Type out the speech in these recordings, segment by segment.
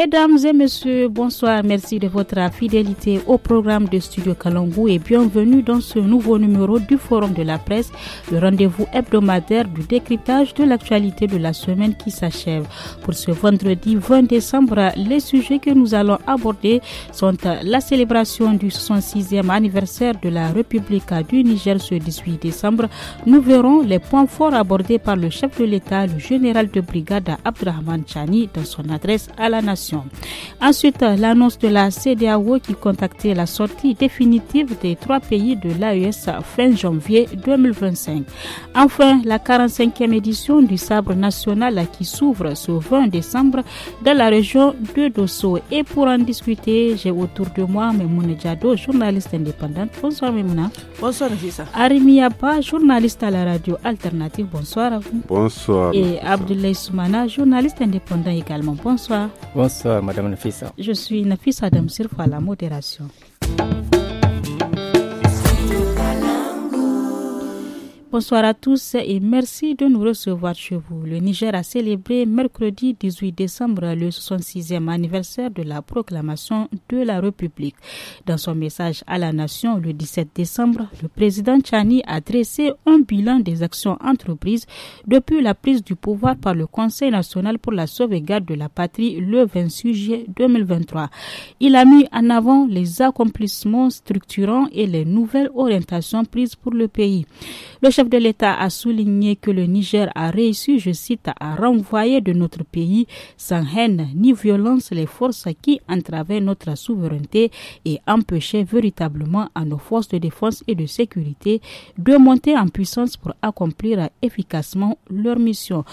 Mesdames et messieurs, bonsoir. Merci de votre fidélité au programme de Studio Calombo et bienvenue dans ce nouveau numéro du Forum de la presse, le rendez-vous hebdomadaire du décryptage de l'actualité de la semaine qui s'achève. Pour ce vendredi 20 décembre, les sujets que nous allons aborder sont euh, la célébration du 66e anniversaire de la République du Niger ce 18 décembre. Nous verrons les points forts abordés par le chef de l'État, le général de brigade Abdrahman Chani, dans son adresse à la nation Ensuite, l'annonce de la CDAO qui contactait la sortie définitive des trois pays de l'AES fin janvier 2025. Enfin, la 45e édition du sabre national qui s'ouvre ce 20 décembre dans la région de Dosso. Et pour en discuter, j'ai autour de moi Memouna Djado, journaliste indépendante. Bonsoir Memouna. Bonsoir Nafisa. Arimi Yapa, journaliste à la radio alternative. Bonsoir à vous. Bonsoir. Et Abdoulaye Soumana, journaliste indépendant également. Bonsoir. Bonsoir. Bonsoir, Madame Nafisa. Je suis Nafissa Adamsir à la modération. Bonsoir à tous et merci de nous recevoir chez vous. Le Niger a célébré mercredi 18 décembre le 66e anniversaire de la proclamation de la République. Dans son message à la nation le 17 décembre, le président Chani a dressé un bilan des actions entreprises depuis la prise du pouvoir par le Conseil national pour la sauvegarde de la patrie le 26 juillet 2023. Il a mis en avant les accomplissements structurants et les nouvelles orientations prises pour le pays chef de l'État a souligné que le Niger a réussi, je cite, à renvoyer de notre pays sans haine ni violence les forces qui entravaient notre souveraineté et empêchaient véritablement à nos forces de défense et de sécurité de monter en puissance pour accomplir efficacement leur mission.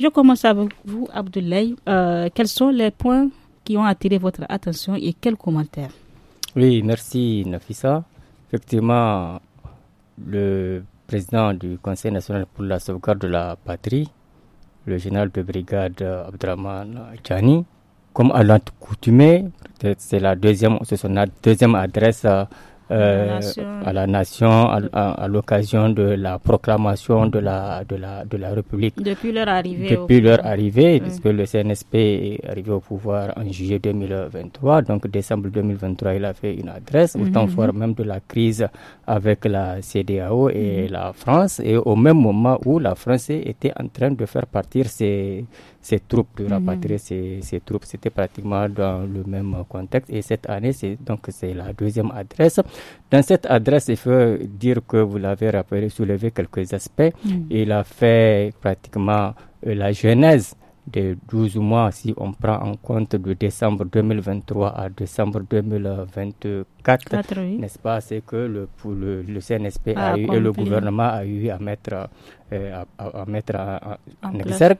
Je commence avec vous, Abdoulaye. Euh, quels sont les points qui ont attiré votre attention et quels commentaires Oui, merci Nafissa. Effectivement, le président du Conseil national pour la sauvegarde de la patrie, le général de brigade euh, Abdraman Chani. Comme à l'accoutumée, c'est la deuxième, c'est son deuxième adresse euh, euh, à la nation à, à, l'occasion de la proclamation de la, de la, de la République. Depuis leur arrivée. Depuis leur arrivée, puisque le CNSP est arrivé au pouvoir en juillet 2023, donc décembre 2023, il a fait une adresse, autant mhm. fort même de la crise avec la CDAO et mhm. la France, et au même moment où la France était en train de faire partir ses ces troupes, de mhm. rapatrier ces troupes. C'était pratiquement dans le même contexte. Et cette année, c'est donc c'est la deuxième adresse. Dans cette adresse, il faut dire que vous l'avez rappelé, soulevé quelques aspects. Mhm. Il a fait pratiquement euh, la genèse de 12 mois si on prend en compte de décembre 2023 à décembre 2024, n'est-ce pas C'est que le, pour le, CNSP ah, et le gouvernement a eu à mettre, euh, à, mettre en, exergue.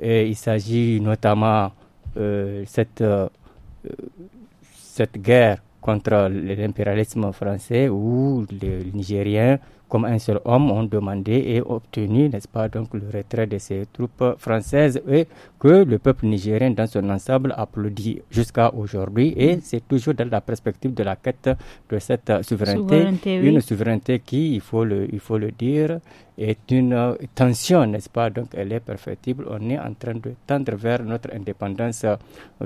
Et il s'agit notamment euh, cette, euh, cette guerre contre l'impérialisme français ou les Nigériens comme un seul homme, ont demandé et obtenu, n'est-ce pas, donc le retrait de ces troupes françaises et que le peuple nigérien dans son ensemble applaudit jusqu'à aujourd'hui. Et mm. c'est toujours dans la perspective de la quête de cette souveraineté, une souveraineté qui, il faut le, il faut le dire, est une euh, tension, n'est-ce pas Donc elle est perfectible. On est en train de tendre vers notre indépendance euh,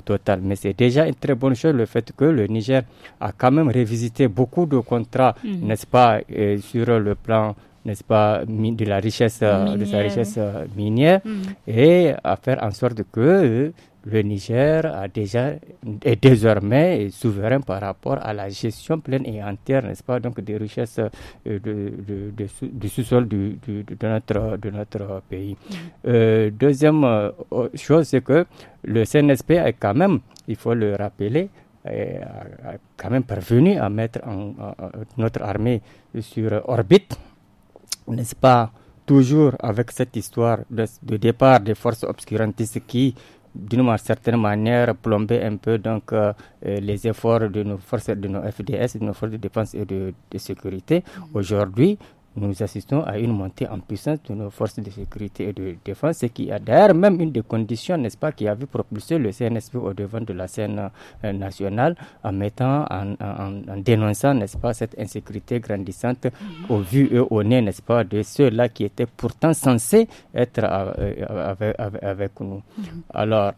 totale. Mais c'est déjà une très bonne chose le fait que le Niger a quand même révisité beaucoup de contrats, mhm. n'est-ce pas, sur le plan n'est-ce pas, de la richesse, euh, de sa richesse minière, mhm. et à faire en sorte que le Niger a déjà, est désormais souverain par rapport à la gestion pleine et entière, n'est-ce pas, donc des richesses euh, de, du sous-sol de, notre, de notre pays. Mm. Euh, deuxième euh, chose, c'est que le CNSP est quand même, il faut le rappeler, est quand même parvenu à mettre en, notre armée sur orbite, n'est-ce pas Toujours avec cette histoire de départ des forces obscurantistes qui d'une certaine manière plomber un peu donc euh, euh, les efforts de nos forces de nos FDS, de nos forces de défense et de sécurité. Mmh. Aujourd'hui, nous assistons à une montée en puissance de nos forces de sécurité et de défense, ce qui a d'ailleurs même une des conditions, n'est-ce pas, qui avait propulsé le CNSP au devant de la scène euh, nationale en mettant, en, dénonçant, n'est-ce pas, cette insécurité grandissante au vu et au nez, n'est-ce pas, de ceux-là qui étaient pourtant censés être euh, avec, nous. Mm-hmm. Alors,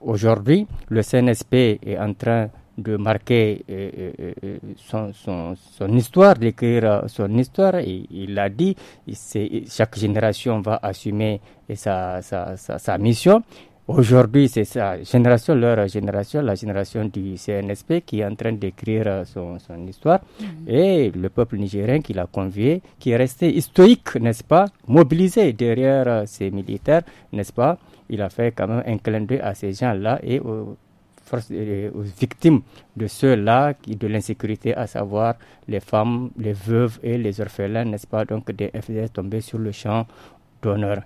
aujourd'hui, le CNSP est en train de marquer euh, euh, euh, son, son, son histoire, d'écrire son histoire. Et, il l'a dit, chaque génération va assumer sa, sa, sa, sa mission. Aujourd'hui, c'est sa génération, leur génération, la génération du CNSP qui est en train d'écrire son, son, histoire mmh. et le peuple nigérien qui l'a convié, qui est resté stoïque, n'est-ce pas, mobilisé derrière ses militaires, n'est-ce pas. Il a fait quand même un clin d'œil à ces gens-là et aux victimes de ceux-là, de l'insécurité, à savoir les femmes, les veuves et les orphelins, n'est-ce pas, donc des FDS tombés sur le champ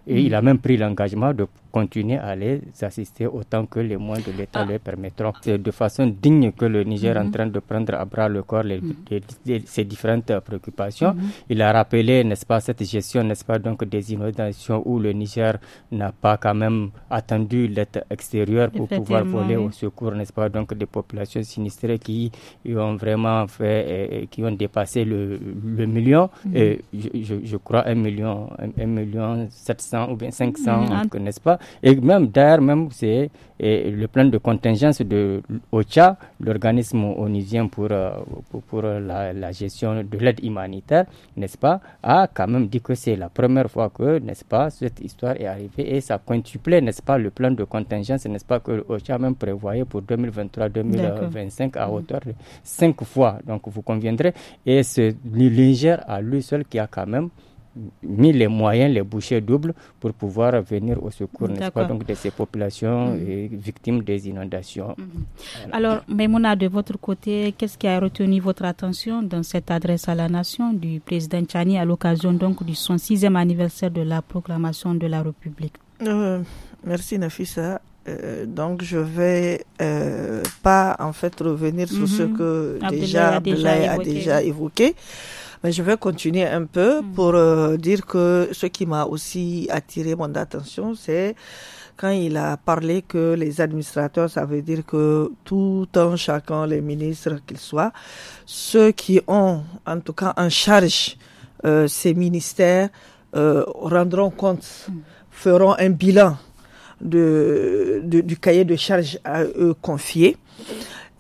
et il a mm. même pris l'engagement de continuer à les assister autant que les moyens de l'État ah. le permettront. C'est de façon digne que le Niger est en mm-hmm. train de prendre à bras le corps les, mm. ses différentes préoccupations. Mm-hmm. Il a rappelé, n'est-ce pas, cette gestion, n'est-ce pas, donc des inondations où le Niger n'a pas quand même attendu l'aide extérieure pour pouvoir voler au secours, n'est-ce pas, donc des populations sinistrées qui ont vraiment fait, et qui ont dépassé le, million, mm-hmm. et je, crois un million, un million 700 ou bien 500, n'est-ce mm-hmm. pas Et même, d'ailleurs, même, c'est le plan de contingence de OCHA, l'organisme onusien pour, euh, pour, la, gestion de l'aide humanitaire, n'est-ce pas, a quand même dit que c'est la première fois que, n'est-ce pas, cette histoire est arrivée et ça quintuplait, n'est-ce pas, le plan de contingence, n'est-ce pas, que OCHA même prévoyait pour 2023-2025 à hauteur de 5 fois. Donc, vous conviendrez. Et c'est l'ingère à lui seul qui a quand même mis les moyens, les bouchées doubles pour pouvoir venir au secours, donc de ces populations mm. victimes des inondations. Mm-hmm. Alors, Alors, de votre côté, qu'est-ce qui a retenu votre attention dans cette adresse à la nation du président Tchani à l'occasion donc du 106e anniversaire de la proclamation de la République euh, Merci Nafisa. Euh, donc je vais euh, pas en fait revenir sur ce mm-hmm. que déjà a déjà évoqué. Mais je vais continuer un peu hmm. pour euh, dire que ce qui m'a aussi attiré mon attention, c'est quand il a parlé que les administrateurs, ça veut dire que tout un chacun, les ministres qu'ils soient, ceux qui ont en tout cas en charge euh, ces ministères euh, rendront compte, hmm. feront un bilan de, du cahier de charges à eux confié.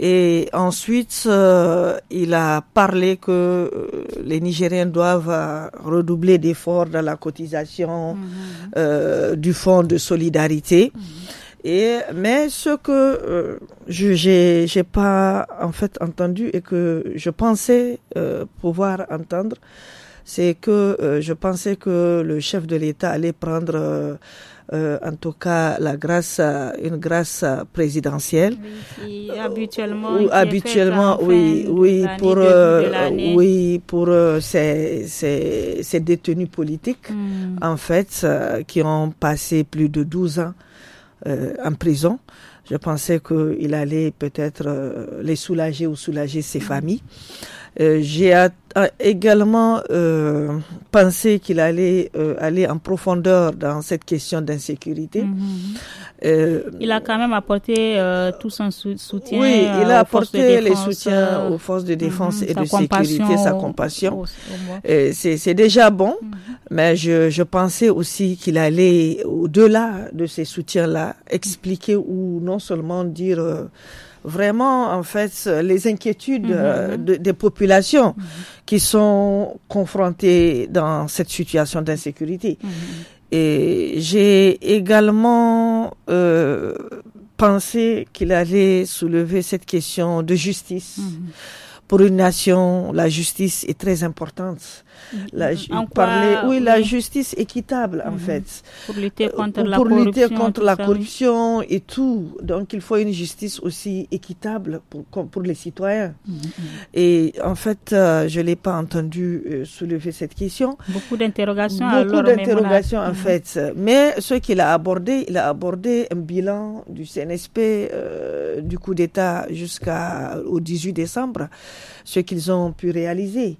Et ensuite, euh, il a parlé que euh, les Nigériens doivent euh, redoubler d'efforts dans la cotisation mhm. du fonds de solidarité. Mhm. Et mais ce que je j'ai pas en fait entendu et que je pensais pouvoir entendre, c'est que je pensais que le chef de l'État allait prendre euh, en tout cas la grâce, euh, une grâce euh, présidentielle. habituellement, oui, oui, pour, oui, pour ces, ces, ces, détenus politiques, hmm. en fait, qui ont passé plus de 12 ans en prison. Je pensais qu'il allait peut-être les soulager ou soulager ses hmm. familles. Euh, j'ai également euh, pensé qu'il allait euh, aller en profondeur dans cette question d'insécurité. Mhm. il a quand même apporté tout son soutien. Oui, il a apporté les soutiens aux forces de mhm. défense et de sécurité, sa compassion. C'est déjà bon, mhm. mais je, je pensais aussi qu'il allait au-delà de ces soutiens-là, expliquer ou non seulement dire vraiment en fait les inquiétudes mhm. euh, des populations mhm. qui sont confrontées dans cette situation d'insécurité. Mhm. Et j'ai également euh, pensé qu'il allait soulever cette question de justice. Pour une nation, la justice est très importante la, mhm. parler, oui, la justice équitable, en mhm. fait. Pour lutter euh, contre, la, corruption, et tout. Donc, il faut une justice aussi équitable pour, pour les citoyens. Mhm, et en fait, euh, je ne l'ai pas entendu euh, soulever cette question. Beaucoup d'interrogations. Beaucoup d'interrogations, en fait. Mais ce qu'il a abordé, il a abordé un bilan du CNSP, du coup d'État jusqu'au 18 décembre, ce qu'ils ont pu réaliser.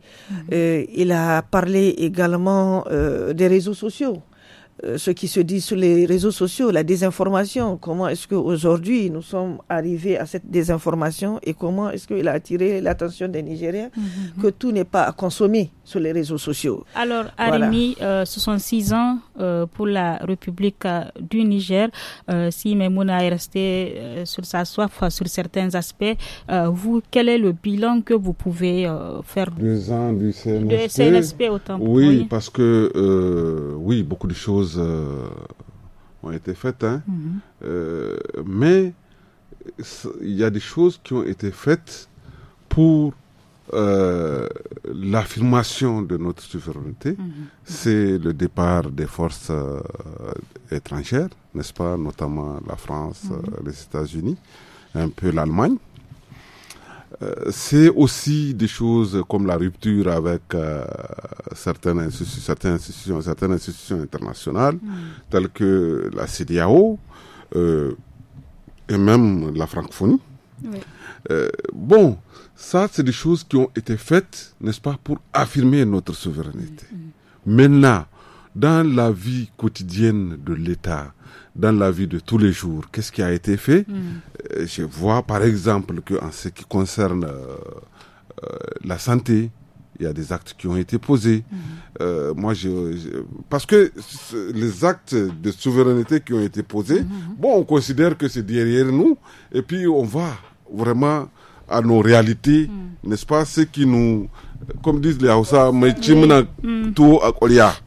il a parler également euh, des réseaux sociaux. Euh, ce qui se dit sur les réseaux sociaux, la désinformation. Comment est-ce qu'aujourd'hui nous sommes arrivés à cette désinformation et comment est-ce qu'il a attiré l'attention des Nigériens mhm, mhm. que tout n'est pas consommé sur les réseaux sociaux. Alors, Arémi, 66 euh, ans euh, pour la République du Niger. si Memouna est resté sur sa soif sur certains aspects, vous, quel est le bilan que vous pouvez faire Deux ans du CNSP. Oui, oui, parce que, oui, beaucoup de choses euh, ont été faites, hein. mhm. euh, mais il y a des choses qui ont été faites pour euh, l'affirmation de notre souveraineté, mhm. c'est le départ des forces étrangères, n'est-ce pas, notamment la France, mhm. les États-Unis, un peu l'Allemagne. Euh, c'est aussi des choses comme la rupture avec euh, certaines, institutions, certaines, institutions, internationales, hmm. telles que la CDAO euh, et même la francophonie. bon, ça, c'est des choses qui ont été faites, n'est-ce pas, pour affirmer notre souveraineté. mais hmm. Maintenant, dans la vie quotidienne de l'État, dans la vie de tous les jours, qu'est-ce qui a été fait hmm. euh, Je vois par exemple qu'en ce qui concerne euh, euh, la santé, il y a des actes qui ont été posés. Hmm. moi, parce que les actes de souveraineté qui ont été posés, hmm, bon, on considère que c'est derrière nous, et puis on va vraiment à nos réalités, n'est-ce pas, ce qui nous comme disent les Hausa, mais tout à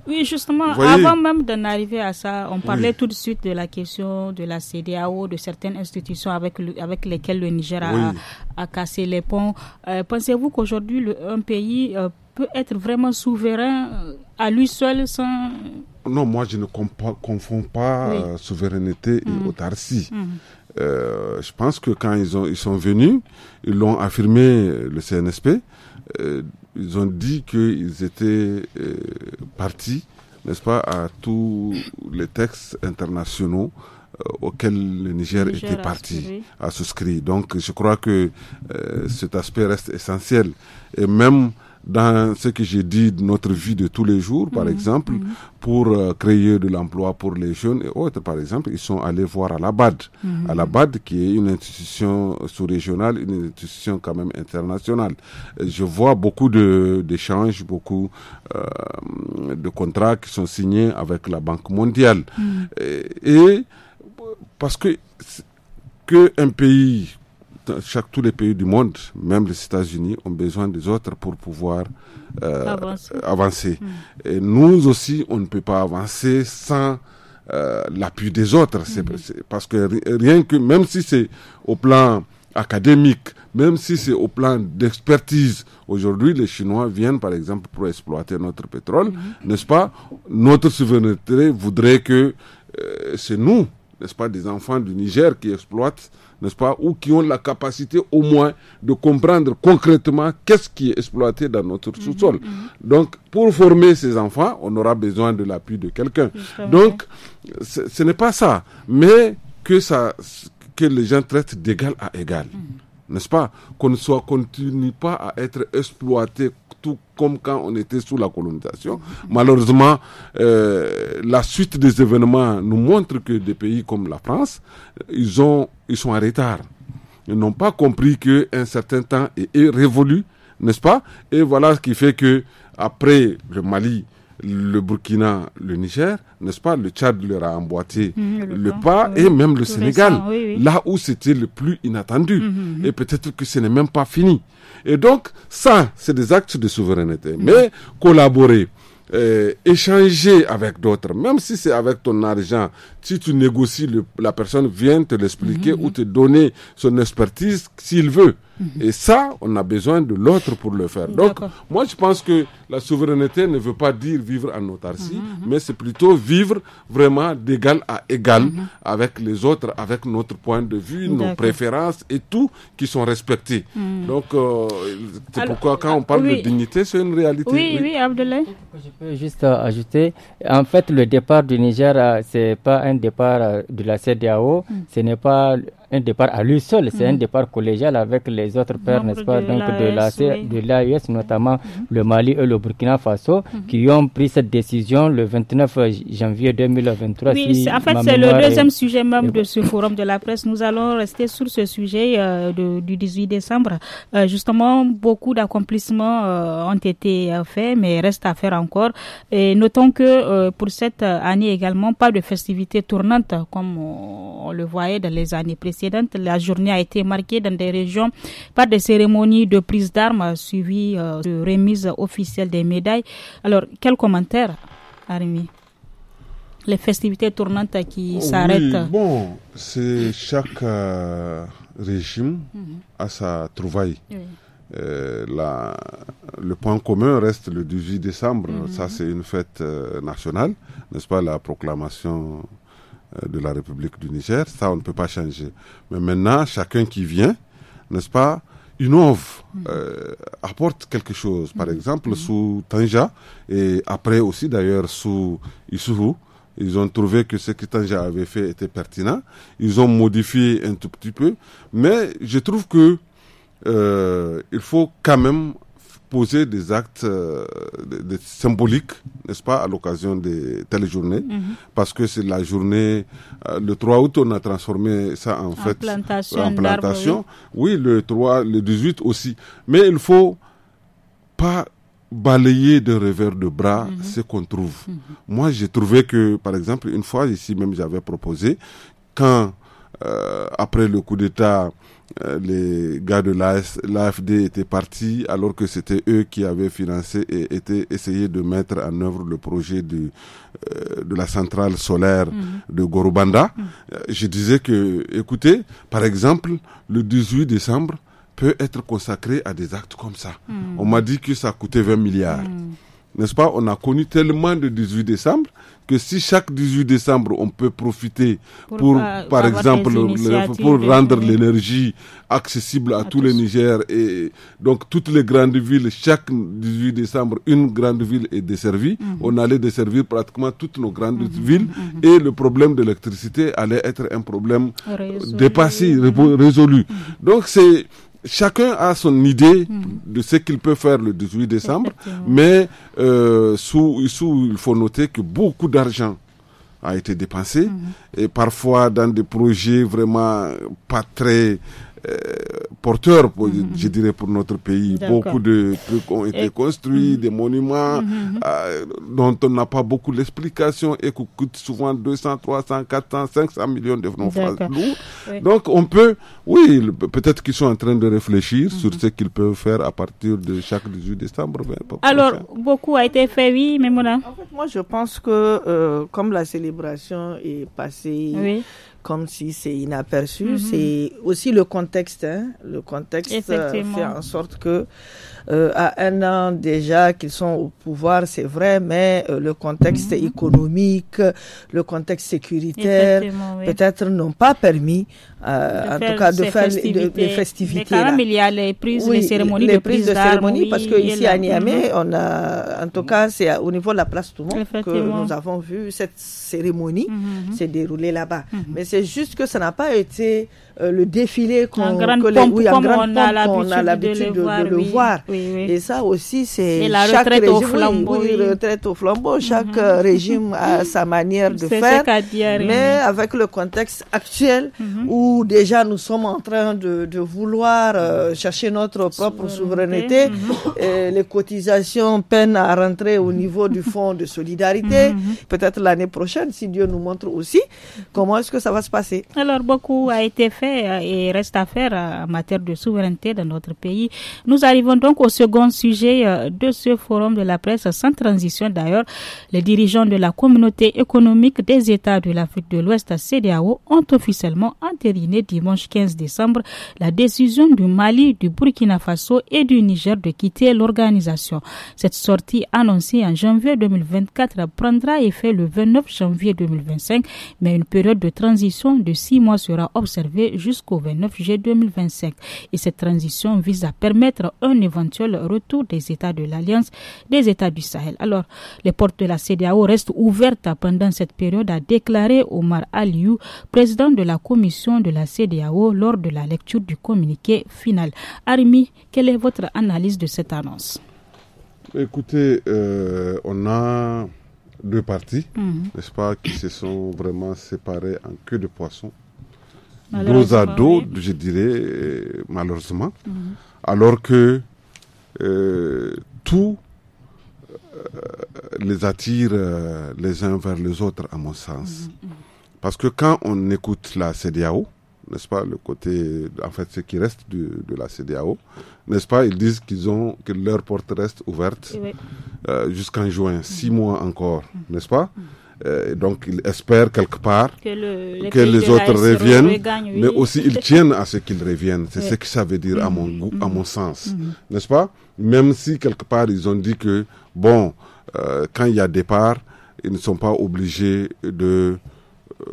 Oui, justement, avant même d'en arriver à ça, on parlait tout de suite de la question de la CDAO, de certaines institutions avec, avec lesquelles le Niger a, a, cassé les ponts. Euh, pensez-vous qu'aujourd'hui, un pays euh, peut être vraiment souverain euh, à lui seul sans... Non, moi je ne confonds pas souveraineté et mm. autarcie. Mm. je pense que quand ils, ont, ils sont venus, ils l'ont affirmé le CNSP, ils ont dit qu'ils étaient euh, partis, n'est-ce pas, à tous les textes internationaux euh, auxquels le Niger, était parti, à souscrit. Donc je crois que euh, cet aspect reste essentiel. Et même dans ce que j'ai dit, notre vie de tous les jours, par mm-hmm. exemple, mm-hmm. pour euh, créer de l'emploi pour les jeunes et autres, par exemple, ils sont allés voir à la BAD. Mm-hmm. À la BAD, qui est une institution sous-régionale, une institution quand même internationale. Euh, je vois beaucoup d'échanges, beaucoup euh, de contrats qui sont signés avec la Banque mondiale. Et, et parce que qu'un pays chaque, tous les pays du monde, même les États-Unis, ont besoin des autres pour pouvoir euh, avancer. Hmm. Et nous aussi, on ne peut pas avancer sans euh, l'appui des autres. C'est hmm. parce que rien que, même si c'est au plan académique, même si c'est au plan d'expertise. Aujourd'hui, les Chinois viennent, par exemple, pour exploiter notre pétrole, hmm. n'est-ce pas Notre souveraineté voudrait que euh, c'est nous, n'est-ce pas, des enfants du Niger qui exploitent n'est-ce pas, ou qui ont la capacité au moins de comprendre concrètement qu'est-ce qui est exploité dans notre mhm, sous-sol. Mhm. Donc, pour former ces enfants, on aura besoin de l'appui de quelqu'un. Donc, ce n'est pas ça, mais que ça, que les gens traitent d'égal à égal. Mhm. N'est-ce pas Qu'on ne soit, continue pas à être exploité tout comme quand on était sous la colonisation. Malheureusement, euh, la suite des événements nous montre que des pays comme la France, ils, ont, ils sont en retard. Ils n'ont pas compris qu'un certain temps est, est révolu, n'est-ce pas Et voilà ce qui fait que après le Mali, le Burkina, le Niger, n'est-ce pas Le Tchad leur a emboîté mhm, le, pas euh, et même le Sénégal, là où c'était le plus inattendu. Mhm, mhm. et peut-être que ce n'est même pas fini. Et donc, ça, c'est des actes de souveraineté. Mais collaborer, euh, échanger avec d'autres, même si c'est avec ton argent, si tu négocies, la personne vient te l'expliquer ou te donner son expertise s'il veut. Et ça, on a besoin de l'autre pour le faire. Donc, moi, je pense que la souveraineté ne veut pas dire vivre en autarcie, mhm, mhm. mais c'est plutôt vivre vraiment d'égal à égal mhm. avec les autres, avec notre point de vue, nos préférences et tout qui sont respectés. Donc, euh, c'est pourquoi quand on parle de dignité, c'est une réalité. Oui, oui, Je peux juste euh, ajouter, en fait, le départ du Niger, euh, c'est pas un départ de la CDAO, ce n'est pas un départ à lui seul, c'est un mhm. départ collégial avec les autres pères n'est-ce pas, de donc de l'AES, notamment mhm. le Mali et le Burkina Faso, mhm. qui ont pris cette décision le 29 janvier 2023. Oui, en fait, c'est le deuxième sujet même de ce forum de la presse. Nous allons rester sur ce sujet euh, du 18 décembre. Euh, justement, beaucoup d'accomplissements euh, ont été faits, mais reste à faire encore. Et notons que pour cette année également, pas de festivités tournantes comme on le voyait dans les années précédentes la journée a été marquée dans des régions par des cérémonies de prise d'armes suivies euh, de remise officielle des médailles. Alors, quel commentaire, Arimi Les festivités tournantes qui s'arrêtent. bon, c'est chaque euh, régime à mhm. sa trouvaille. Euh, le point commun reste le 18 décembre. Mhm. Ça, c'est une fête nationale, n'est-ce pas, la proclamation euh, de la République du Niger. Ça, on ne peut pas changer. Mais maintenant, chacun qui vient, n'est-ce pas, innove, mm. euh, apporte quelque chose. Par mm. exemple, mm. sous Tanja, et après aussi d'ailleurs sous Issou, ils ont trouvé que ce que Tanja avait fait était pertinent. Ils ont modifié un tout petit peu. Mais je trouve que euh, il faut quand même poser des actes euh, symboliques, n'est-ce pas, à l'occasion de telle journée, mhm. parce que c'est la journée, euh, le 3 août, on a transformé ça en, fait plantation, en plantation. Oui. le 3, le 18 aussi. Mais il faut pas balayer de revers de bras mhm. ce qu'on trouve. Mhm. Moi, j'ai trouvé que, par exemple, une fois ici même, j'avais proposé, quand, euh, après le coup d'État, euh, les gars de l'AFD étaient partis alors que c'était eux qui avaient financé et étaient essayé de mettre en œuvre le projet de, euh, de la centrale solaire mhm. de Gorubanda. Mhm. Euh, je disais que, écoutez, par exemple, le 18 décembre peut être consacré à des actes comme ça. Mhm. On m'a dit que ça coûtait 20 milliards n'est-ce pas On a connu tellement de 18 décembre que si chaque 18 décembre on peut profiter pour, par exemple, pour rendre l'énergie accessible à, tous, les Niger et donc toutes les grandes villes, chaque 18 décembre, une grande ville est desservie. Mhm. On allait desservir pratiquement toutes nos grandes mhm. Mhm. villes et le problème d'électricité allait être un problème dépassé, résolu. Donc c'est chacun a son idée de ce qu'il peut faire le 18 décembre, mais euh, sous, il faut noter que beaucoup d'argent a été dépensé, mhm. et parfois dans des projets vraiment pas très euh, porteur, je dirais, pour notre pays. Beaucoup de trucs ont été construits, mm-hmm. des monuments mm-hmm. euh, dont on n'a pas beaucoup l'explication et qui coûtent souvent 200, 300, 400, 500 millions de francs Donc on peut, oui, peut-être qu'ils sont en train de réfléchir mm-hmm. sur ce qu'ils peuvent faire à partir de chaque 18 décembre. Alors, beaucoup a été fait, oui, mais En fait, moi, je pense que euh, comme la célébration est passée, oui comme si c'est inaperçu. Mhm. C'est aussi le contexte. Hein. Le contexte euh, fait en sorte que euh, à un an déjà qu'ils sont au pouvoir, c'est vrai, mais euh, le contexte mhm. économique, le contexte sécuritaire, peut-être n'ont pas permis, euh, en tout cas, de faire festivités. les festivités. quand il y a les prises, de les cérémonies les prises de cérémonie, parce qu'ici à Niamey, on a, en tout cas, c'est au niveau de la place tout le monde que nous avons vu cette cérémonie mhm, mhm. s'est là-bas. Mais c'est juste que ça n'a pas été euh, le défilé qu'on oui, a l'habitude de, le voir. Et ça aussi, c'est chaque retraite régime, au flambeau. retraite au Chaque mhm. euh, régime a sa manière de faire. mais avec le contexte actuel, mhm. où déjà nous sommes en train de, vouloir euh, chercher notre propre souveraineté, mhm. les cotisations peinent à rentrer au niveau du fonds de solidarité. Peut-être l'année prochaine, si Dieu nous montre aussi, comment est-ce que ça va se passer. Alors, beaucoup a été fait euh, et reste à faire euh, en matière de souveraineté dans notre pays. Nous arrivons donc au second sujet euh, de ce forum de la presse sans transition d'ailleurs. Les dirigeants de la communauté économique des États de l'Afrique de l'Ouest, CDAO, ont officiellement entériné dimanche 15 décembre la décision du Mali, du Burkina Faso et du Niger de quitter l'organisation. Cette sortie annoncée en janvier 2024 prendra effet le 29 janvier 2025, mais une période de transition de six mois sera observée jusqu'au 29 juillet 2025. Et cette transition vise à permettre un éventuel retour des États de l'Alliance, des États du Sahel. Alors, les portes de la CDAO restent ouvertes pendant cette période, a déclaré Omar Aliou, président de la commission de la CDAO, lors de la lecture du communiqué final. Arimi, quelle est votre analyse de cette annonce Écoutez, euh, on a deux parties, mhm. n'est-ce pas, qui se sont vraiment séparées en queue de poisson dos à je dirais, euh, malheureusement, mhm. alors que euh, tout euh, les attire les uns vers les autres, à mon sens. Mhm, mhm. Parce que quand on écoute la CDAO, n'est-ce pas, le côté, en fait, ce qui reste de la CDAO, n'est-ce pas, ils disent qu'ils ont, que leur porte reste ouverte jusqu'en juin, six mois encore, n'est-ce pas euh, donc, ils espèrent quelque part que, les, autres reviennent, mais aussi ils tiennent à ce qu'ils reviennent. C'est ce que ça veut dire à mon mm-hmm. à mon mm-hmm. sens, mm-hmm. n'est-ce pas Même si quelque part ils ont dit que bon, euh, quand il y a départ, ils ne sont pas obligés de, euh,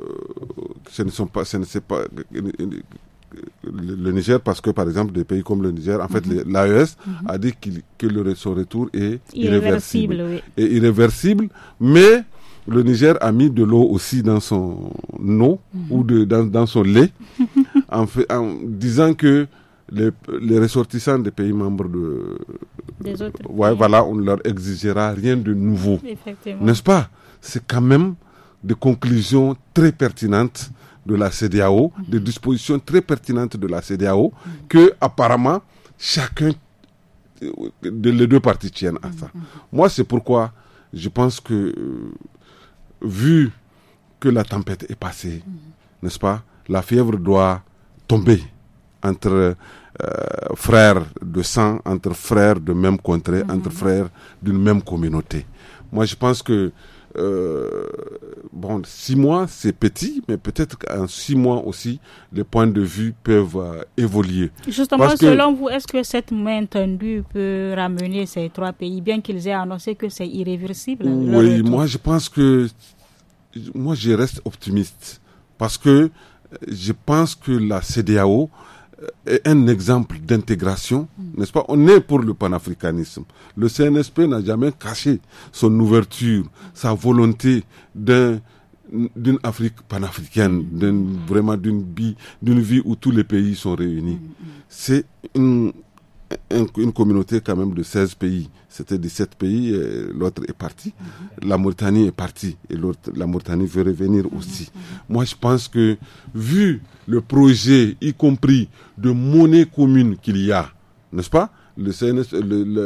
ce ne sont pas, ce ne pas le, Niger, parce que par exemple, des pays comme le Niger, en fait, l'AES e a dit que le, son retour est irréversible. Et irréversible, mais le Niger a mis de l'eau aussi dans son eau ou dans, son lait en, disant que les, ressortissants des pays membres de. Des ouais, voilà, on ne leur exigera rien de nouveau. N'est-ce pas C'est quand même des conclusions très pertinentes de la CDAO, mm-hmm. des dispositions très pertinentes de la CDAO, mm-hmm. que apparemment chacun euh, de les deux parties tiennent à ça. Mm-hmm. Moi, c'est pourquoi je pense que euh, vu que la tempête est passée, mhm. n'est-ce pas, la fièvre doit tomber entre euh, frères de sang, entre frères de même contrée, mhm. entre frères d'une même communauté. Moi, je pense que euh, bon, six mois, c'est petit, mais peut-être qu'en six mois aussi, les points de vue peuvent euh, évoluer. Justement, selon vous, est-ce que cette main tendue peut ramener ces trois pays, bien qu'ils aient annoncé que c'est irréversible Oui, moi je pense que moi je reste optimiste parce que euh, je pense que la CDAO un exemple d'intégration, hmm. n'est-ce pas On est pour le panafricanisme. Le CNSP n'a jamais caché son ouverture, sa volonté d'une Afrique panafricaine, hmm. vraiment d'une vie où tous les pays sont réunis. Hmm, C'est une une communauté quand même de 16 pays. C'était 17 pays, euh, l'autre est parti. Mhm. La Mauritanie est partie et l'autre, la Mauritanie veut revenir mhm. aussi. Moi, je pense que vu le projet, y compris de monnaie commune qu'il y a, n'est-ce pas le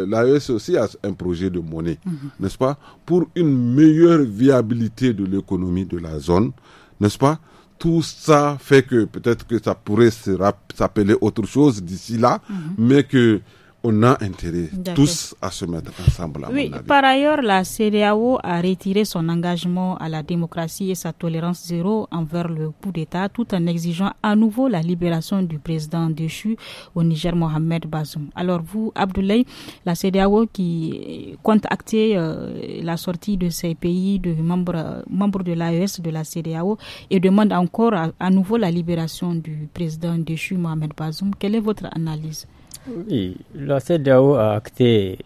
l'AES aussi a un projet de monnaie, mhm. n'est-ce pas, pour une meilleure viabilité de l'économie de la zone, n'est-ce pas, tout ça fait que peut-être que ça pourrait s'appeler autre chose d'ici là, mhm. mais que on a intérêt tous à se mettre ensemble. oui, par ailleurs, la CDAO a retiré son engagement à la démocratie et sa tolérance zéro envers le coup d'État tout en exigeant à nouveau la libération du président déchu au Niger, Mohamed Bazoum. Alors vous, Abdoulaye, la CDAO qui compte acter euh, la sortie de ces pays de membres, membres de l'AES de la CDAO et demande encore à nouveau la libération du président déchu, Mohamed Bazoum. Quelle est votre analyse oui, la CEDEAO a acté,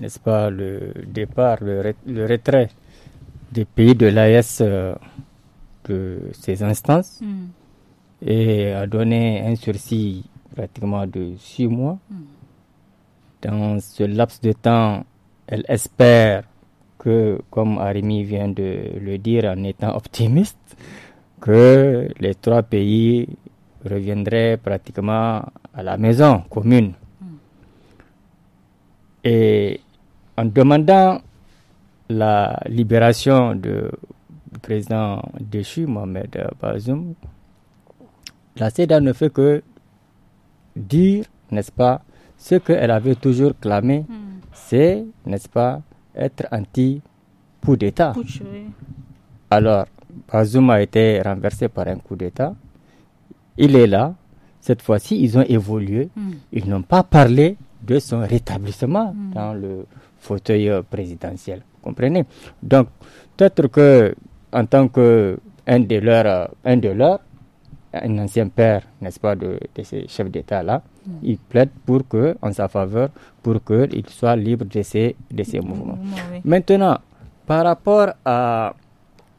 n'est-ce pas, le départ, le, retrait des pays de l'AS e euh, de ces instances hmm. et a donné un sursis pratiquement de six mois. Hmm. Dans ce laps de temps, elle espère que, comme Arimi vient de le dire en étant optimiste, que les trois pays reviendraient pratiquement à la maison commune. Et en demandant la libération de, du président déchu, Mohamed Bazoum, la CEDA ne fait que dire, n'est-ce pas, ce qu'elle avait toujours clamé, hmm. c'est, n'est-ce pas, être anti-coup d'État. Alors, Bazoum a été renversé par un coup d'État. Il est là, cette fois-ci, ils ont évolué. Hmm. Ils n'ont pas parlé de son rétablissement hmm. dans le fauteuil euh, présidentiel. Comprenez Donc, peut-être que en tant que un de leurs, euh, un de un ancien père, n'est-ce pas, de, ces chefs d'État-là, ils hmm. il plaide pour que, en sa faveur, pour il soit libre de ces, de ses mouvements. Maintenant, par rapport à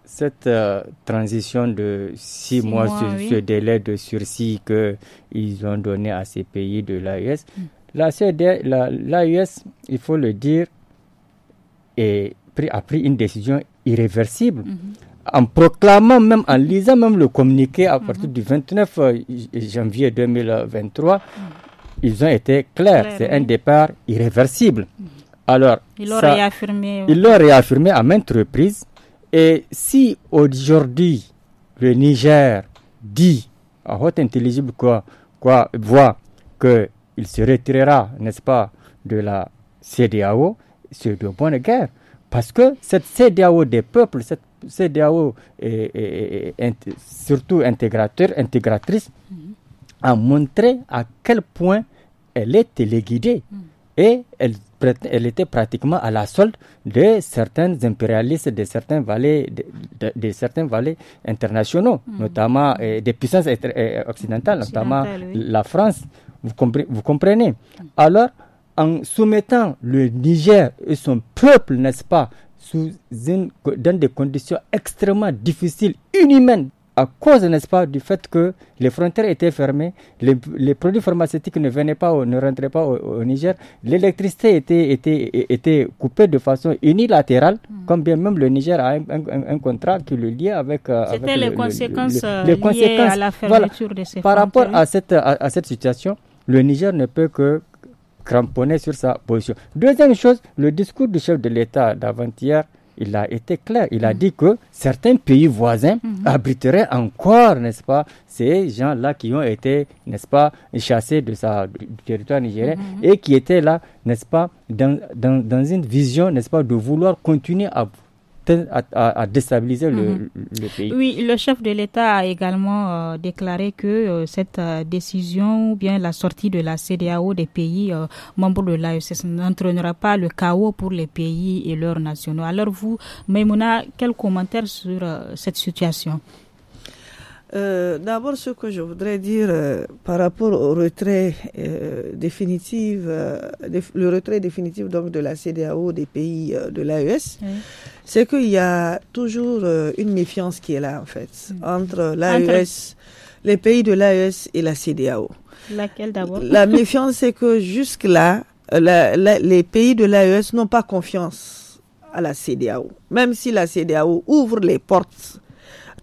cette euh, transition de six, mois, ce délai de sursis qu'ils ont donné à ces pays de l'AES, mm. l'AES, il faut le dire, a pris une décision irréversible. Mm-hmm. En proclamant, même en lisant même le communiqué à partir mm-hmm. du 29 euh, janvier 2023, mm. ils ont été clairs. C'est un départ irréversible. Mm. Alors, ils l'ont réaffirmé. Ils l'ont réaffirmé à maintes reprises. Et si aujourd'hui le Niger dit à haute intelligible quoi, quoi voit qu'il se retirera, n'est-ce pas, de la CDAO, c'est de guerre. Parce que cette CDAO des peuples, cette CDAO surtout intégrateur, intégratrice, mm-hmm. a montré à quel point elle est téléguidée. Mm. Et elle elle était pratiquement à la solde de certains impérialistes, de certains vallées, de, certains vallées internationaux, hmm. notamment euh, des puissances euh, occidentales, notamment la France. Vous, comprenez, Alors, en soumettant le Niger et son peuple, n'est-ce pas, sous dans des conditions extrêmement difficiles, inhumaines, à cause, n'est-ce pas, du fait que les frontières étaient fermées, les, produits pharmaceutiques ne venaient pas, ne rentraient pas au, Niger, l'électricité était, coupée de façon unilatérale, hmm. comme bien même le Niger a un, contrat qui le liait avec. Euh, C'était les, conséquences euh, liées à la fermeture de ces Par rapport à à, à cette situation, le Niger ne peut que cramponner sur sa position. Deuxième chose, le discours du chef de l'État d'avant-hier il a été clair. Il a mm. dit que certains pays voisins mm-hmm. abriteraient encore, n'est-ce pas, ces gens-là qui ont été, n'est-ce pas, chassés de sa, du territoire nigérien mm-hmm. et qui étaient là, n'est-ce pas, dans, dans une vision, n'est-ce pas, de vouloir continuer à à, déstabiliser mhm. le, pays. Oui, le chef de l'État a également euh, déclaré que euh, cette euh, décision ou bien la sortie de la CDAO des pays membres de l'AES, n'entraînera pas le chaos pour les pays et leurs nationaux. Alors vous, Maimouna, quel commentaire sur cette situation D'abord, ce que je voudrais dire par rapport au retrait définitif, le retrait définitif donc de la CDAO des pays de l'AES, c'est qu'il y a toujours euh, une méfiance qui est là, en fait, mm. entre l'AES, e les pays de l'AES et la CDAO. Laquelle d'abord La méfiance, c'est que jusque-là, euh, les pays de l'AES n'ont pas confiance à la CDAO. Même si la CDAO ouvre les portes,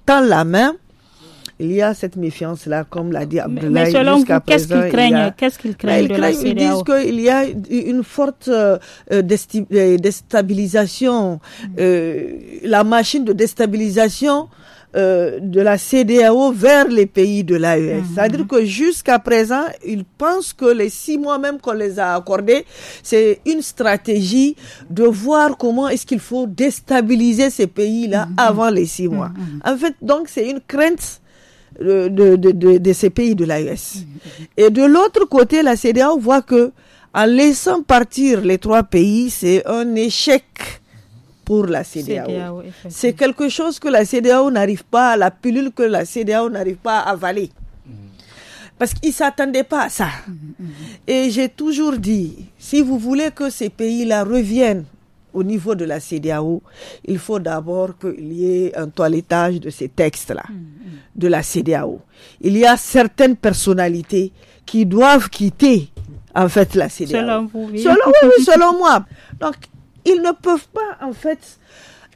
tend la main, il y a cette méfiance-là, comme l'a dit Abdoulaye. Mais selon vous, qu'est-ce qu'ils craignent, qu'est-ce qu'ils craignent Ils disent qu'il y a une forte euh, euh, euh, déstabilisation, mm. la machine de déstabilisation de la CDAO vers les pays de l'AES. Mm-hmm. C'est-à-dire que jusqu'à présent, ils pensent que les six mois même qu'on les a accordés, c'est une stratégie de voir comment est-ce qu'il faut déstabiliser ces pays-là mm-hmm. avant les six mois. Mm-hmm. En fait, donc, c'est une crainte de, de, ces pays de l'AES. Mm-hmm. Et de l'autre côté, la CDAO voit que en laissant partir les trois pays, c'est un échec pour la CDAO. c'est quelque chose que la CDAO n'arrive pas, la pilule que la CDAO n'arrive pas à avaler. Mm-hmm. Parce qu'ils ne s'attendaient pas à ça. Mm-hmm. Et j'ai toujours dit, si vous voulez que ces pays-là reviennent au niveau de la CDAO, il faut d'abord qu'il y ait un toilettage de ces textes-là, mm, mm. de la CDAO. Il y a certaines personnalités qui doivent quitter, en fait, la CDAO. Selon vous, oui. Selon, oui, selon moi. Donc, ils ne peuvent pas, en fait,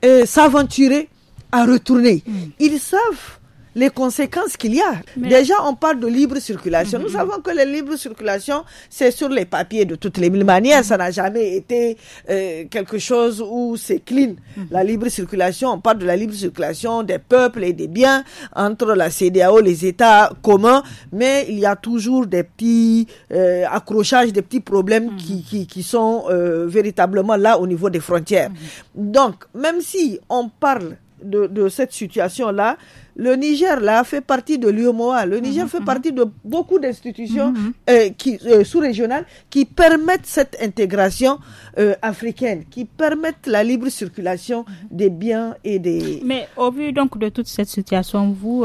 euh, s'aventurer à retourner. Mm. Ils savent les conséquences qu'il y a. Déjà, on parle de libre circulation. Mm-hmm. Nous savons que la libre circulation, c'est sur les papiers de toutes les mille manières. Mm-hmm. Ça n'a jamais été euh, quelque chose où c'est clean. Mm-hmm. La libre circulation, on parle de la libre circulation des peuples et des biens entre la CDAO, les États communs, mais il y a toujours des petits euh, accrochages, des petits problèmes qui, qui, qui, sont euh, véritablement là au niveau des frontières. Donc, même si on parle de, cette situation-là, le Niger là fait partie de l'UMOA. Le Niger mhm, fait mhm. partie de beaucoup d'institutions mhm, euh, qui euh, sous-régionales qui permettent cette intégration euh, africaine, qui permettent la libre circulation des biens et des. Mais au vu donc de toute cette situation, vous,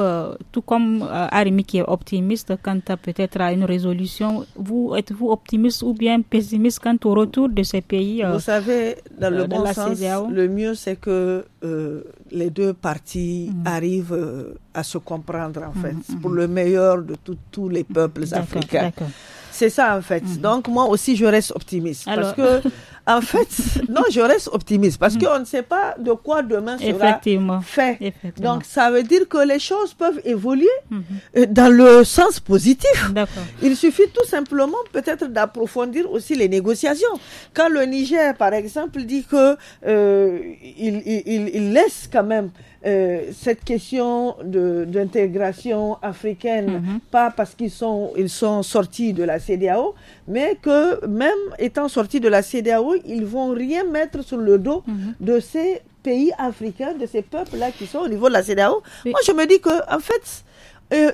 tout comme Arimi qui est optimiste quant à peut-être à une résolution, vous êtes-vous optimiste ou bien pessimiste quant au retour de ces pays Vous savez, dans le bon sens, le mieux c'est que les deux parties mm. arrivent euh, à se comprendre, en mm, fait, mm. pour le meilleur de tous les peuples africains. C'est ça, en fait. Donc, moi aussi, je reste optimiste. Parce que En fait, non, je reste optimiste parce mm. qu'on ne sait pas de quoi demain sera fait. Donc, ça veut dire que les choses peuvent évoluer mm-hmm. euh, dans le sens positif. Il suffit tout simplement peut-être d'approfondir aussi les négociations. Quand le Niger, par exemple, dit que euh, il, laisse quand même euh, cette question d'intégration africaine, mm-hmm. pas parce qu'ils sont, ils sont sortis de la CDAO, mais que même étant sortis de la CDAO, ils vont rien mettre sur le dos mhm. de ces pays africains, de ces peuples-là qui sont au niveau de la CEDAO. Moi, je me dis que, en fait, euh,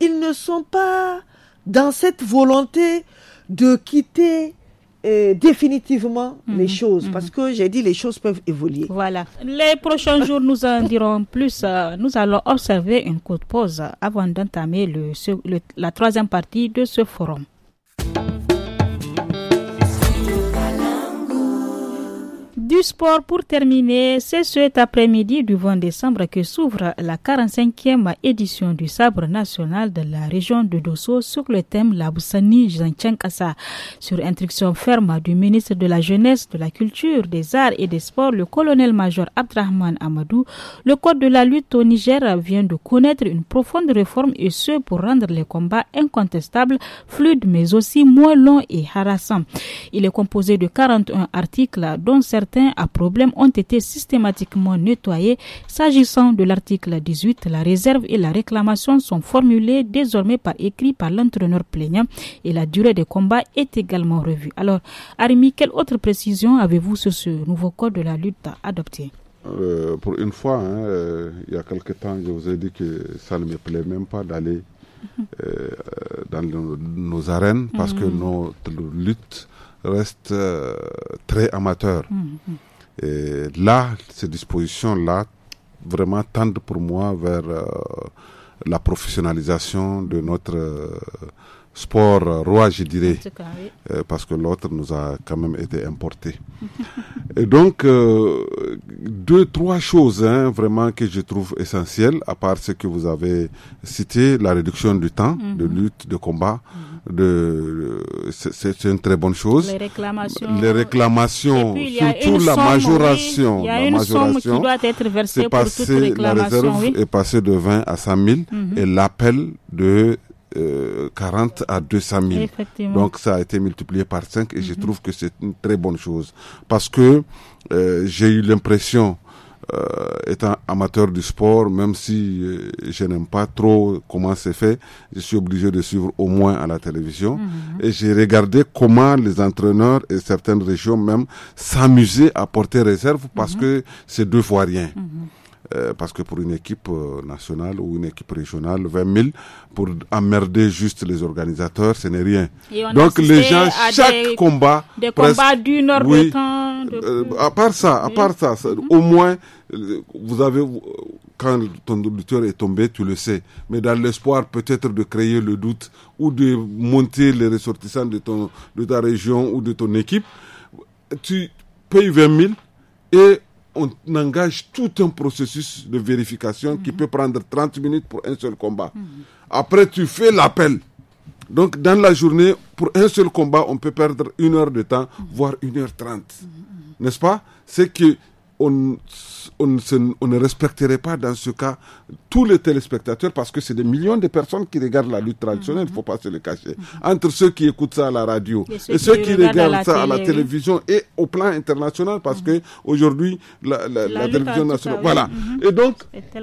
ils ne sont pas dans cette volonté de quitter euh, définitivement mhm. les choses, mhm. parce que j'ai dit les choses peuvent évoluer. Voilà. Les prochains jours, nous en dirons plus. Euh, nous allons observer une courte pause avant d'entamer le, la troisième partie de ce forum. du sport pour terminer, c'est cet après-midi du 20 décembre que s'ouvre la 45e édition du sabre national de la région de Dosso sur le thème la Boussani Kassa. Sur instruction ferme du ministre de la Jeunesse, de la Culture, des Arts et des Sports, le colonel-major Abdrahman Amadou, le code de la lutte au Niger vient de connaître une profonde réforme et ce pour rendre les combats incontestables, fluides mais aussi moins longs et harassants. Il est composé de 41 articles dont certains à problème ont été systématiquement nettoyés. S'agissant de l'article 18, la réserve et la réclamation sont formulées désormais par écrit par l'entraîneur plaignant et la durée des combats est également revue. Alors, Arimi, quelle autre précision avez-vous sur ce nouveau code de la lutte adopté adopter euh, Pour une fois, hein, euh, il y a quelque temps, je vous ai dit que ça ne me plaît même pas d'aller mhm. euh, dans nos, arènes parce que mhm. notre lutte reste euh, très amateur. Mm, mm. Et là, ces dispositions-là, vraiment tendent pour moi vers euh, la professionnalisation de notre euh, sport roi, je dirais, parce que l'autre nous a quand même été importé. Et donc, deux, trois choses hein, vraiment que je trouve essentielles, à part ce que vous avez cité, la réduction du temps de mm-hmm. lutte, de combat. Mm-hmm de, c'est une très bonne chose. Les réclamations, les réclamations surtout la majoration, il y a la une majoration qui doit être versée passé, La réserve est passée de 20 à 100 000 mhm. et l'appel de 40 euh, à 200 000. Donc ça a été multiplié par 5 et je mhm. trouve que c'est une très bonne chose parce que euh, j'ai eu l'impression euh, étant amateur du sport, même si euh, je n'aime pas trop comment c'est fait, je suis obligé de suivre au moins à la télévision. Mhm. Et j'ai regardé comment les entraîneurs et certaines régions même s'amusaient à porter réserve parce mhm. que c'est deux fois rien. Mhm. Euh, parce que pour une équipe euh, nationale ou une équipe régionale, 20 000, pour emmerder juste les organisateurs, ce n'est rien. Donc les gens, chaque combat... Des combats d'une heure temps euh, à part ça, à mm. part ça, mm. au moins, euh, vous avez quand ton auditeur est tombé, tu le sais. Mais dans l'espoir peut-être de créer le doute ou de monter les ressortissants de, ton, de ta région ou de ton équipe, tu payes 20 000 et on engage tout un processus de vérification qui mm-hmm. peut prendre 30 minutes pour un seul combat. Mm-hmm. Après, tu fais l'appel. Donc, dans la journée, pour un seul combat, on peut perdre une heure de temps, mm-hmm. voire une heure trente n'est-ce pas C'est que on, ne respecterait pas dans ce cas tous les téléspectateurs parce que c'est des millions de personnes qui regardent la lutte traditionnelle, il mm-hmm. ne faut pas se le cacher. Entre ceux qui écoutent ça à la radio et ceux, qui, regardent, ça à la télévision et au plan international parce qu'aujourd'hui mm-hmm. que aujourd'hui la, télévision nationale. Voilà. Mm-hmm. Et donc,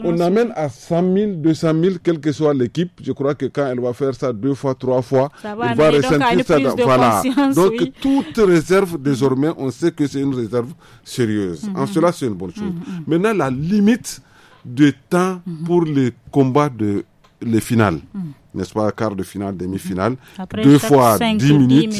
on amène à 100 000, 200 000, quelle que soit l'équipe. Je crois que quand elle va faire ça deux fois, trois fois, on va, ressentir ça. voilà. Donc, toute réserve, désormais, on sait que c'est une réserve sérieuse. En cela, c'est une bonne chose. Mm, mm. Maintenant, la limite de temps mm, pour les combats de les finales, n'est-ce pas, quart de finale, demi-finale, deux fois dix minutes,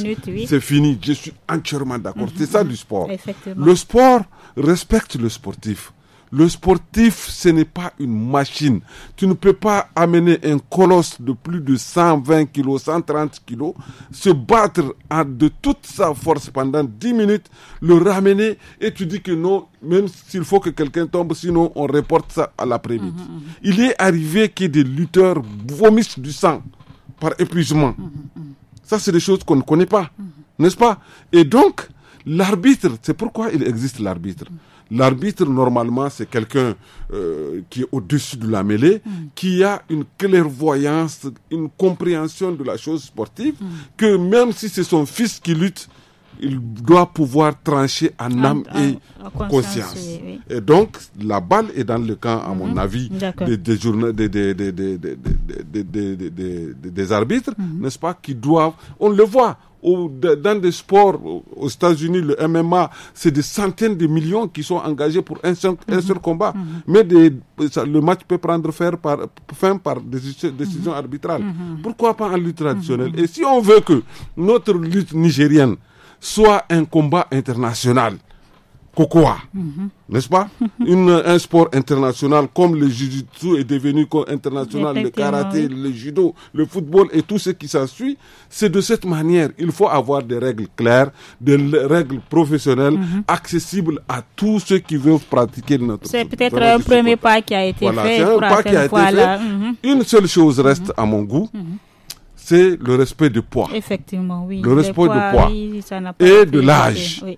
c'est fini. Je suis entièrement d'accord. C'est ça du sport. Le sport respecte le sportif. Le sportif, ce n'est pas une machine. Tu ne peux pas amener un colosse de plus de 120 kg, 130 kg, se battre à de toute sa force pendant 10 minutes, le ramener et tu dis que non, même s'il faut que quelqu'un tombe, sinon on reporte ça à l'après-midi. Mhm, mhm, mhm. Il est arrivé que des lutteurs vomissent du sang par épuisement. ça, c'est des choses qu'on ne connaît pas, n'est-ce pas Et donc, l'arbitre, c'est pourquoi il existe l'arbitre. L'arbitre, normalement, c'est quelqu'un qui est au-dessus de la mêlée, qui a une clairvoyance, une compréhension de la chose sportive, que même si c'est son fils qui lutte, il doit pouvoir trancher en âme et conscience. Et, donc, la balle est dans le camp, à mon avis, des, des, arbitres, n'est-ce pas, qui doivent, on le voit, dans des sports aux États-Unis, le MMA, c'est des centaines de millions qui sont engagés pour un seul, combat. Mhm. Mhm. Mais le match peut prendre fin par, fin par des décisions mhm. Pourquoi pas en lutte traditionnelle Et si on veut que notre lutte nigérienne soit un combat international, Cocoa, mhm. n'est-ce pas mhm. Une, Un sport international comme le jiu-jitsu est devenu international, le karaté, le judo, le football et tout ce qui s'ensuit. C'est de cette manière. Il faut avoir des règles claires, des règles professionnelles, mhm. accessibles à tous ceux qui veulent pratiquer notre C'est peut-être un premier pas qui a été fait. pas Une seule chose reste à mon goût c'est le respect du poids. Effectivement, oui. Le respect du poids et de l'âge. Oui.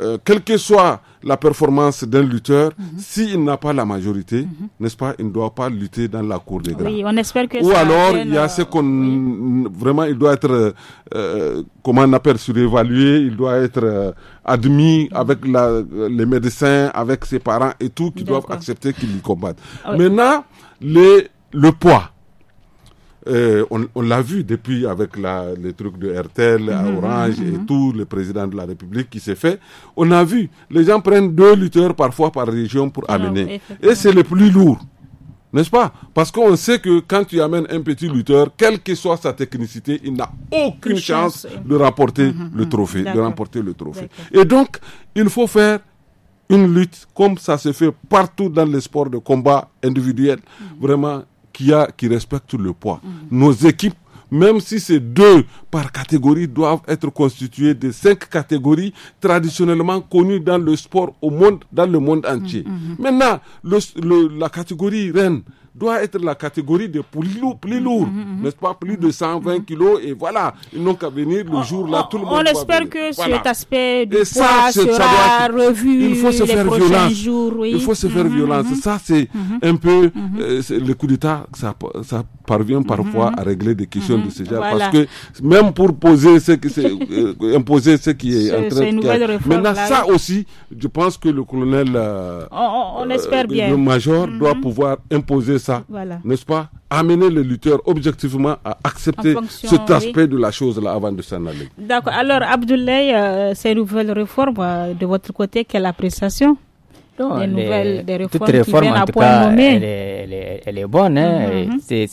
Euh, quelle que soit la performance d'un lutteur, mhm. s'il n'a pas la majorité, mhm. n'est-ce pas, il ne doit pas lutter dans la cour des grands. Oui, on espère que Ou alors, il y a ce euh, qu'on... Vraiment, il doit être, euh, comment on appelle, surévalué, il doit être admis mhm. avec la, les médecins, avec ses parents et tout, qui doivent accepter qu'il y combatte. Ah Maintenant, les, le poids. Euh, on, l'a vu depuis avec les trucs de RTL, mhm, Orange et mhm. tout, le président de la République qui s'est fait. On a vu, les gens prennent deux lutteurs parfois par région pour ah, amener. Et c'est le plus lourd. N'est-ce pas Parce qu'on sait que quand tu amènes un petit lutteur, quelle que soit sa technicité, il n'a aucune chance, de rapporter mhm, le trophée, de remporter le trophée. Et donc, il faut faire une lutte comme ça se fait partout dans les sports de combat individuel. Vraiment, qui, a, qui respecte le poids. Nos équipes, même si c'est deux par catégorie, doivent être constituées de cinq catégories traditionnellement connues dans le sport au monde, dans le monde entier. Mm, mm, mm. Maintenant, la catégorie reine, doit être la catégorie des plus lourd, plus mm-hmm, mm-hmm, n'est-ce pas Plus de 120 mm-hmm, kilos et voilà, ils n'ont qu'à venir le oh, jour là, oh, tout le oh, on On espère que cet aspect du poids ça, sera revu. Il faut se les faire violence. Jours, Il faut se faire violence. Ça, c'est un peu euh, le coup d'État. Ça, parvient parfois à régler des questions de ce genre parce que même pour poser ce qui euh, imposer ce qui est en train de maintenant ça aussi, je pense que le colonel, euh, on, espère bien. le major doit pouvoir imposer ça, n'est-ce pas Amener le lutteur objectivement à accepter cet aspect de la chose-là avant de s'en aller. D'accord. Alors, Abdoulaye, euh, ces nouvelles réformes, euh, de votre côté, quelle appréciation non, nouvelles, des réformes en nommé. Elle, est, bonne. Hein? Mhm, mhm.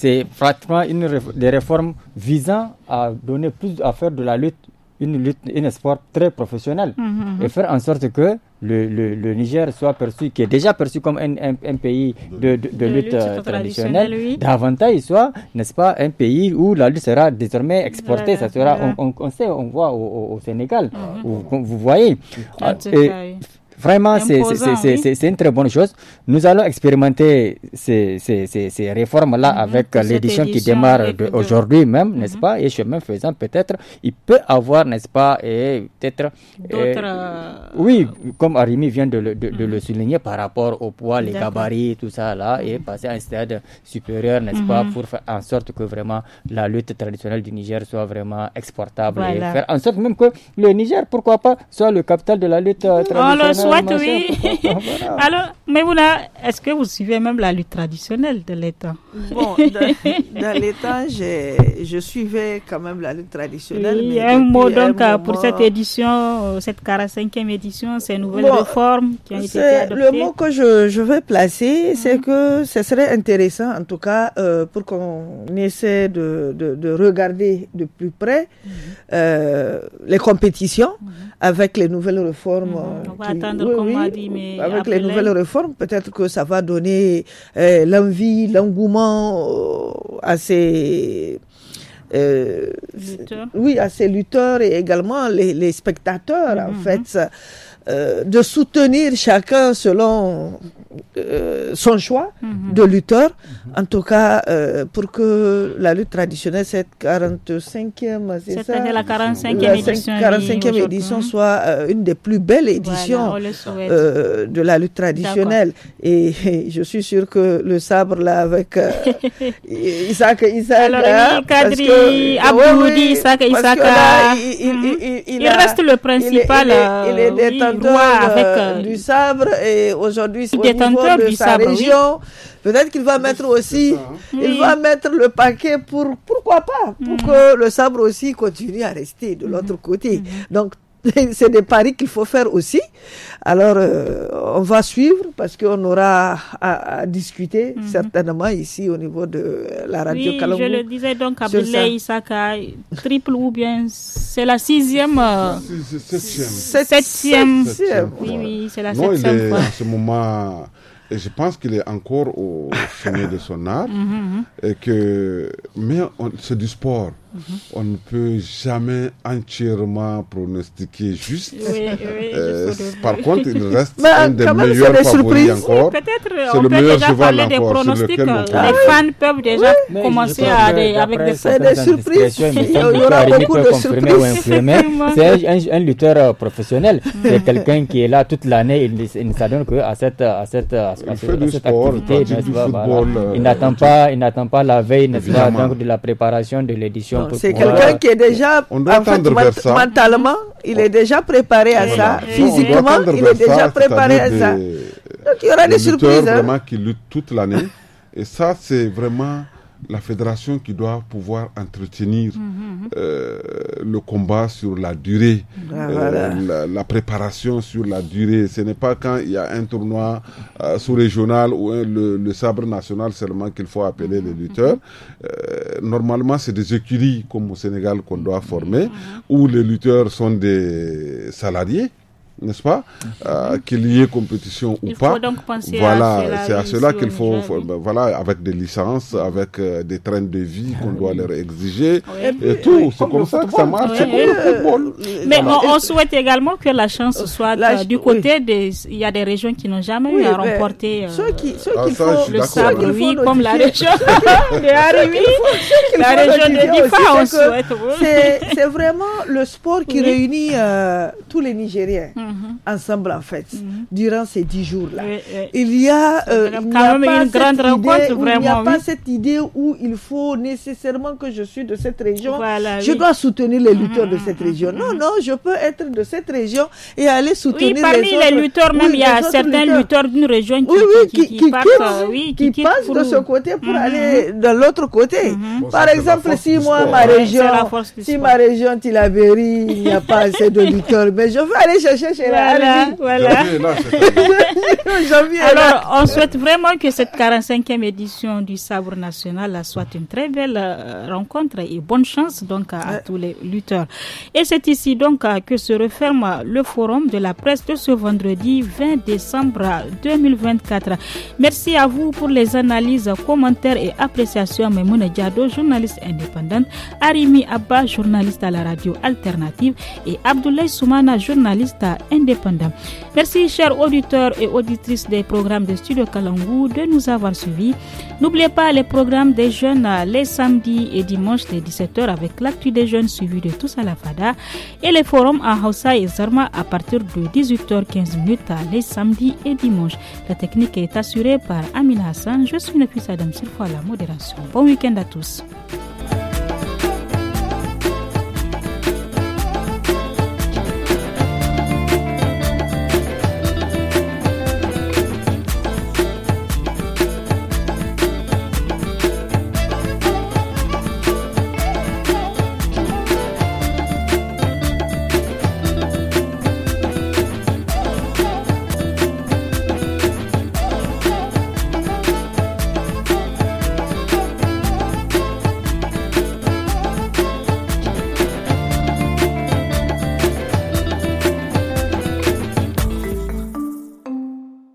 C'est pratiquement une des réformes visant à donner plus, à faire de la lutte une lutte, un sport très professionnel mhm, mhm. et faire en sorte que le, le, Niger soit perçu, qui est déjà perçu comme un, un, pays de, de, euh, lutte, traditionnelle, davantage soit, n'est-ce pas, un pays où la lutte sera désormais exportée. ça sera, on, on, sait, on voit au, au Sénégal, mhm. vous, voyez. Ah, et, Vraiment, c'est une très bonne chose. Nous allons expérimenter ces, réformes-là mhm, avec l'édition qui démarre aujourd'hui même, mhm. n'est-ce pas Et chemin faisant, peut-être, il peut avoir, n'est-ce pas Et peut-être. Euh, oui, comme Arimi vient de le, mhm. souligner par rapport au poids, les gabarits, tout ça là, et passer à un stade supérieur, n'est-ce pas Pour faire en sorte que vraiment la lutte traditionnelle du Niger soit vraiment exportable et faire en sorte même que le Niger, pourquoi pas, soit le capital de la lutte euh, oh traditionnelle soit, oui. Alors, mais voilà, est-ce que vous suivez même la lutte traditionnelle de l'État Bon, dans, l'État, je suivais quand même la lutte traditionnelle. y a un mot donc euh, pour cette édition, euh, cette 45e édition, ces nouvelles réformes qui ont été adoptées. Le mot que je, veux vais placer, mhm. c'est que ce serait intéressant, en tout cas, euh, pour qu'on essaie de, regarder de plus près mhm. les compétitions mhm. avec les nouvelles réformes avec les nouvelles réformes, peut-être que ça va donner euh, l'envie, l'engouement euh, à ces. Euh, oui, à ces lutteurs et également les, spectateurs, en mhm. fait. Euh, de soutenir chacun selon euh, son choix mhm. de lutteur, en tout cas euh, pour que la lutte traditionnelle, cette 45e, c'est ça la 45e édition, soit une des plus belles éditions de la lutte traditionnelle. Et, je suis sûr que le sabre là avec Isaac, Isaac, il, reste le principal. Il est, euh, euh, du sabre et aujourd'hui au niveau de du sa sabre, région. Peut-être qu'il va mettre aussi, hein. il va mettre le paquet pour pourquoi pas, pour mm. que le sabre aussi continue à rester de l'autre mm. côté. Mm. Donc c'est des paris qu'il faut faire aussi. Alors, euh, on va suivre parce qu'on aura à, discuter mhm. certainement ici au niveau de la radio oui, Je le disais donc, à Isaka, triple ou bien c'est la sixième. Euh, septième. Septième. Oui, oui, c'est la septième. Non, il est en ce moment. Et je pense qu'il est encore au sommet de son art. Mhm, mhm. et que, mais c'est du sport on ne peut jamais entièrement pronostiquer juste. Euh, par contre, il reste un euh, des meilleurs des encore. c'est le peut meilleur déjà parler euh, les fans peuvent déjà commencer à des, avec des, des surprises. Il y aura beaucoup de surprises. C'est un, lutteur professionnel. Mm. C'est quelqu'un qui est là toute l'année. Il, ne s'adonne qu'à cette, activité. Il n'attend pas, la veille, de la préparation de l'édition c'est quelqu'un qui est déjà on doit mentalement, il est déjà préparé à ça. Physiquement, il est déjà préparé à, ça. Donc il y aura des, des surprises. Hein. vraiment qui luttent toute l'année. Et ça, c'est vraiment la fédération qui doit pouvoir entretenir mhm, mhm. Euh, le combat sur la durée, ah, euh, la, préparation sur la durée. Ce n'est pas quand il y a un tournoi euh, sous-régional ou le, sabre national seulement qu'il faut appeler les mhm, lutteurs. normalement, c'est des écuries comme au Sénégal qu'on doit former, où les lutteurs sont des salariés n'est-ce pas euh, Qu'il y ait compétition ou pas. voilà, c'est à cela qu'il faut, ben, voilà, avec des licences, avec euh, des trains de vie ah qu'on doit leur exiger et, tout. c'est comme ça que ça marche. c'est Comme le football. Mais on, souhaite également que la chance euh, soit du côté des. Il y a des régions qui n'ont jamais eu à ben, remporter ceux qui, ceux ah, le sabre, oui, comme la région de Harimi, la région de on souhaite. C'est vraiment le sport qui réunit tous les Nigériens. Mm. Mhm. ensemble en fait, mhm. durant ces dix jours-là. Il y a, euh, il n'y une grande cette idée, il n'y a pas cette idée où il faut nécessairement que je suis de cette région, je dois soutenir les mhm, lutteurs de cette région. Non, non, je peux être de cette région et aller soutenir oui, parmi les, autres, lutteurs, même il y a certains lutteurs, d'une région qui, qui, qui, qui passent de ce côté pour aller de l'autre côté. Par exemple, si moi, ma région, si ma région Tilaberi, il n'y a pas assez de lutteurs, mais je veux aller chercher voilà, Alors, on souhaite vraiment que cette 45e édition du Sabre National soit une très belle euh, rencontre et bonne chance donc à, tous les lutteurs. Et c'est ici donc euh, que se referme le forum de la presse de ce vendredi 20 décembre 2024. Merci à vous pour les analyses, commentaires et appréciations. Memouna Diado, journaliste indépendante, Arimi Abba, journaliste à la radio alternative et Abdoulaye Soumana, journaliste à indépendants. Merci, chers auditeurs et auditrices des programmes de Studio Kalangou, de nous avoir suivis. N'oubliez pas les programmes des jeunes les samedis et dimanches les 17h avec l'actu des jeunes suivi de tous à la FADA et les forums à Hausa et Zarma à partir de 18h15 les samedis et dimanches. La technique est assurée par Amina Hassan. Je suis Nafisa Adam Sirfo à la modération. Bon week-end à tous.